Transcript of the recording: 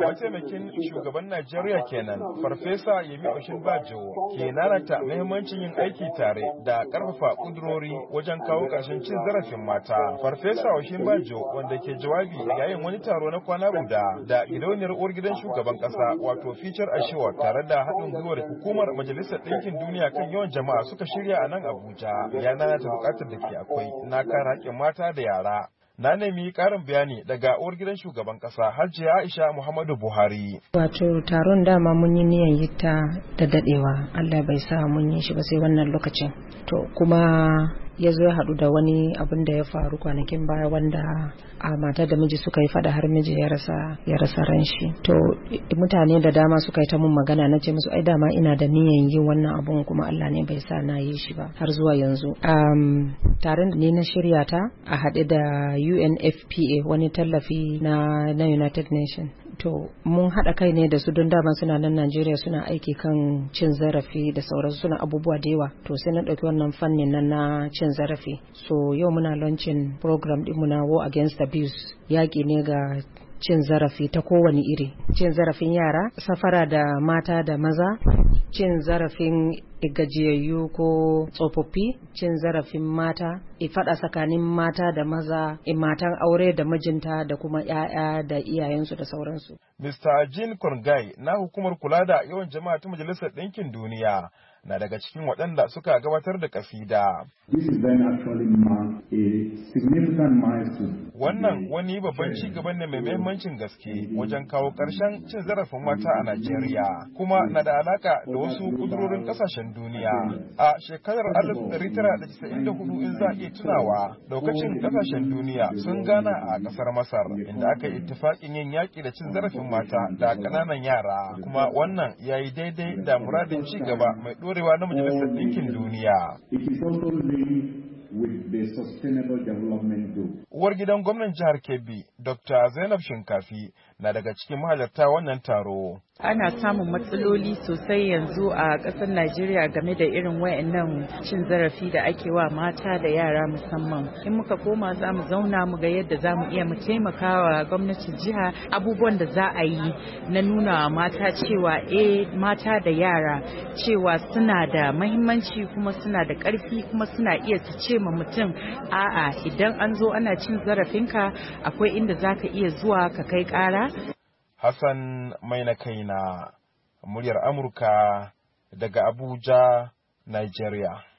Mataimakin shugaban Najeriya kenan, Farfesa Yemi Oshinbajo ke nanata muhimmancin yin aiki tare da karfafa ƙudurori wajen kawo ƙarshen cin zarafin mata. Farfesa Oshinbajo wanda ke jawabi yayin wani taro na kwana guda da gidauniyar uwar gidan shugaban ƙasa wato fichar Ashewa tare da haɗin gwiwar hukumar Majalisar Ɗinkin Duniya kan yawan jama'a suka shirya a nan Abuja. Ya lalata buƙatar da ke akwai na kare haƙƙin mata da yara. na nemi karin bayani daga uwar gidan shugaban kasa hajiya aisha muhammadu buhari wato taron dama mun yi niyan yi ta da dadewa allah bai sa mun yi shi ba sai wannan lokacin to kuma ya zo ya haɗu da wani abin da ya faru kwanakin baya wanda a mata da miji suka yi faɗa har miji ya rasa ya rasa ran shi to mutane da dama suka yi ta mun magana na ce musu ai dama ina da niyan yin wannan abun kuma Allah ne bai sa na yi shi ba har zuwa yanzu um, tare da ne na shirya ta a haɗe da UNFPA wani tallafi na na United Nations to mun haɗa kai ne da su don dama suna nan najeriya suna aiki kan cin zarafi da sauransu suna abubuwa da yawa to sai na ɗauki wannan fannin nan na cin zarafi so yau muna launching program ɗinmu na war against abuse yaƙi ne ga cin zarafi ta kowane iri cin zarafin yara safara da mata da maza cin zarafin gajiyayyu ko tsofaffi cin zarafin mata faɗa tsakanin mata da maza matan aure da mijinta da kuma 'ya'ya da iyayensu da sauransu. Mr. Jean Kongai na hukumar kula da yawan jama'a ta Majalisar Ɗinkin Duniya na daga cikin waɗanda suka gabatar da kasida. Wannan wani babban ci gaba ne mai mahimmancin gaske wajen kawo ƙarshen cin zarafin mata a Najeriya kuma na da alaka da wasu ƙudurorin ƙasashen duniya a shekarar 1994 in za a iya tunawa lokacin kasashen duniya sun gana a kasar masar inda aka yi ittifaƙin yin yaƙi da cin zarafin mata da ƙananan yara kuma wannan ya yi daidai da muradin ci gaba mai ɗorewa na majalisar ɗinkin duniya Uwar gidan gwamnan jihar Kebbi, Dr. Zainab Shinkafi, na daga cikin mahalarta wannan taro. Ana samun matsaloli sosai yanzu a ƙasar Najeriya game da irin wayannan cin zarafi da ake wa mata da yara musamman. In muka koma za mu zauna mu ga yadda za mu iya mu taimakawa gwamnatin jiha abubuwan da za a yi na nuna wa mata cewa e mata da yara cewa suna da mahimmanci kuma suna da ƙarfi kuma suna iya su ce ma mutum a'a idan an zo ana cin zarafinka akwai inda za ka iya zuwa ka kai kara. Hassan mai na na muryar Amurka daga Abuja, Nigeria.